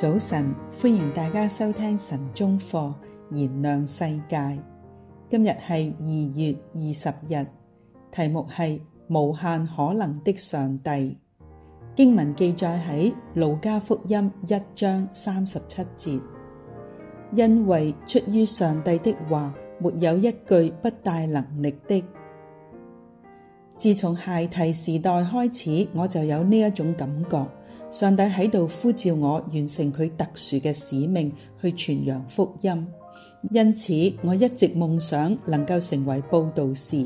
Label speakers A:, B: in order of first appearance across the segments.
A: 早晨，歡迎大家收聽晨鐘課，燃亮世界。今日係二月二十日，題目係無限可能的上帝。經文記載喺路加福音一章三十七節，因為出於上帝的話，沒有一句不帶能力的。自從孩提時代開始，我就有呢一種感覺。上帝喺度呼召我完成佢特殊嘅使命，去傳揚福音。因此，我一直夢想能夠成為佈道士。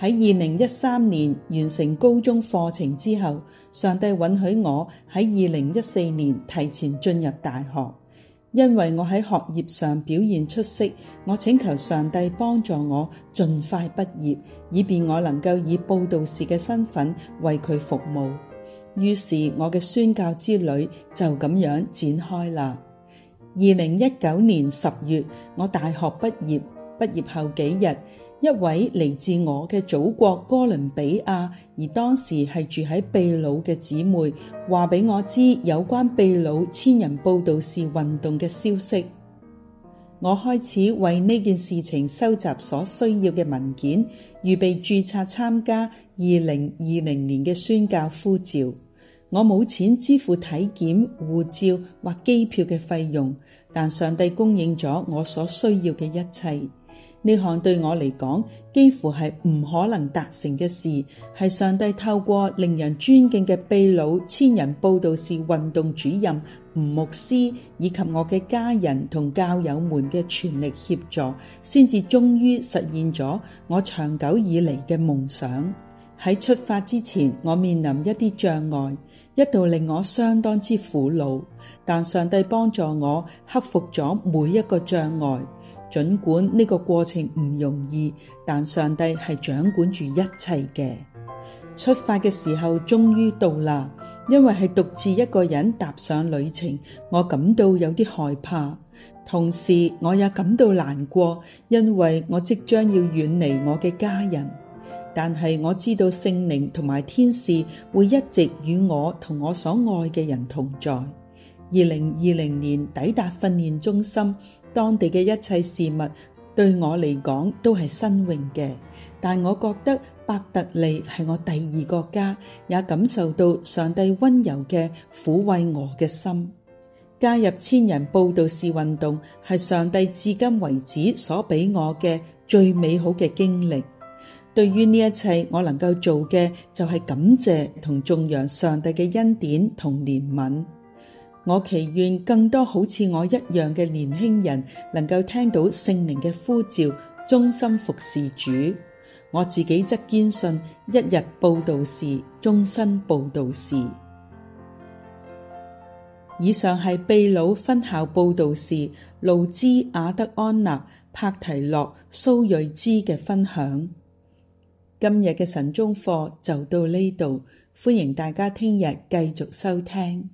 A: 喺二零一三年完成高中課程之後，上帝允許我喺二零一四年提前進入大學，因為我喺學業上表現出色。我請求上帝幫助我盡快畢業，以便我能夠以佈道士嘅身份為佢服務。於是，我嘅宣教之旅就咁樣展開啦。二零一九年十月，我大學畢業，畢業後幾日，一位嚟自我嘅祖國哥倫比亞而當時係住喺秘魯嘅姊妹話俾我知有關秘魯千人佈道士運動嘅消息。我開始為呢件事情收集所需要嘅文件，預備註冊參加二零二零年嘅宣教呼召。我冇錢支付體檢、護照或機票嘅費用，但上帝供應咗我所需要嘅一切。呢項對我嚟講幾乎係唔可能達成嘅事，係上帝透過令人尊敬嘅秘魯千人佈道士運動主任吳牧師，以及我嘅家人同教友們嘅全力協助，先至終於實現咗我長久以嚟嘅夢想。喺出發之前，我面臨一啲障礙，一度令我相當之苦惱。但上帝幫助我克服咗每一個障礙，盡管呢個過程唔容易，但上帝係掌管住一切嘅。出發嘅時候終於到啦，因為係獨自一個人踏上旅程，我感到有啲害怕，同時我也感到難過，因為我即將要遠離我嘅家人。但係我知道聖靈同埋天使會一直與我同我所愛嘅人同在。二零二零年抵達訓練中心，當地嘅一切事物對我嚟講都係新穎嘅。但我覺得伯特利係我第二個家，也感受到上帝溫柔嘅撫慰我嘅心。加入千人佈道士運動，係上帝至今為止所俾我嘅最美好嘅經歷。對於呢一切我夠，我能夠做嘅就係感謝同頌揚上帝嘅恩典同憐憫。我祈願更多好似我一樣嘅年輕人能夠聽到聖靈嘅呼召，忠心服侍主。我自己則堅信一日佈道士，終身佈道士。以上係秘魯分校佈道士路茲亞德安納帕提洛蘇瑞茲嘅分享。今日嘅晨鐘課就到呢度，歡迎大家聽日繼續收聽。